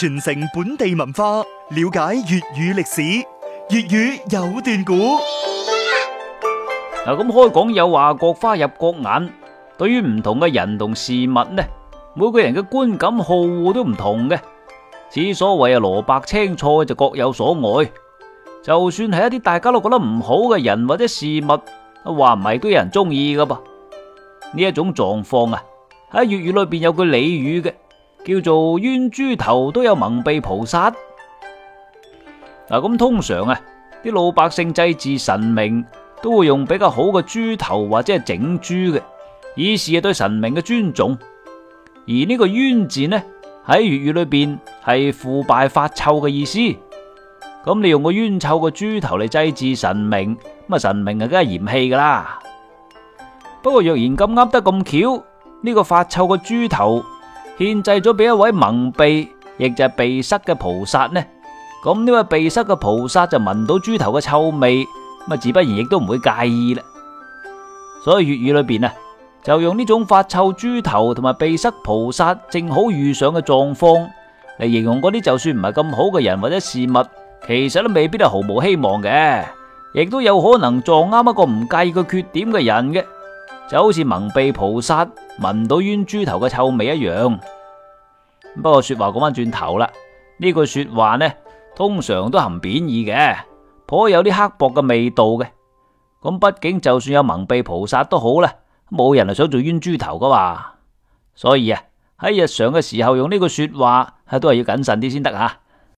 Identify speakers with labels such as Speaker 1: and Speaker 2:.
Speaker 1: 傳承本地文化，了解粵語歷史。粵語有段古，嗱咁 開講有話各花入各眼。對於唔同嘅人同事物呢，每個人嘅觀感好惡都唔同嘅。此所謂啊蘿蔔青菜就各有所愛，就算係一啲大家都覺得唔好嘅人或者事物，話唔係都有人中意噶噃。呢一種狀況啊，喺粵語裏邊有句俚語嘅。叫做葾豬頭都有齆鼻菩薩嗱，咁、啊、通常啊，啲老百姓祭祀神明都會用比較好嘅豬頭或者係整豬嘅，以示對神明嘅尊重。而呢個葾字呢，喺粵語裏邊係腐敗發臭嘅意思，咁你用個葾臭嘅豬頭嚟祭祀神明，咁啊神明啊梗係嫌棄噶啦。不過若然咁啱得咁巧，呢、這個發臭嘅豬頭，獻祭咗俾一位齆鼻，亦就係鼻塞嘅菩薩呢？咁呢位鼻塞嘅菩薩就聞到豬頭嘅臭味，咁啊，自不然亦都唔會介意啦。所以粵語裏邊啊，就用呢種發臭豬頭同埋鼻塞菩薩正好遇上嘅狀況嚟形容嗰啲就算唔係咁好嘅人或者事物，其實都未必係毫無希望嘅，亦都有可能撞啱一個唔介意佢缺點嘅人嘅。就好似齆鼻菩薩聞唔到葾豬頭嘅臭味一樣。不過說話講返轉頭啦，呢句說話呢，通常都含貶義嘅，頗有啲刻薄嘅味道嘅。咁畢竟就算有齆鼻菩薩都好啦，冇人係想做葾豬頭㗎嘛。所以啊，喺日常嘅時候用呢句說話，都係要謹慎啲先得吓。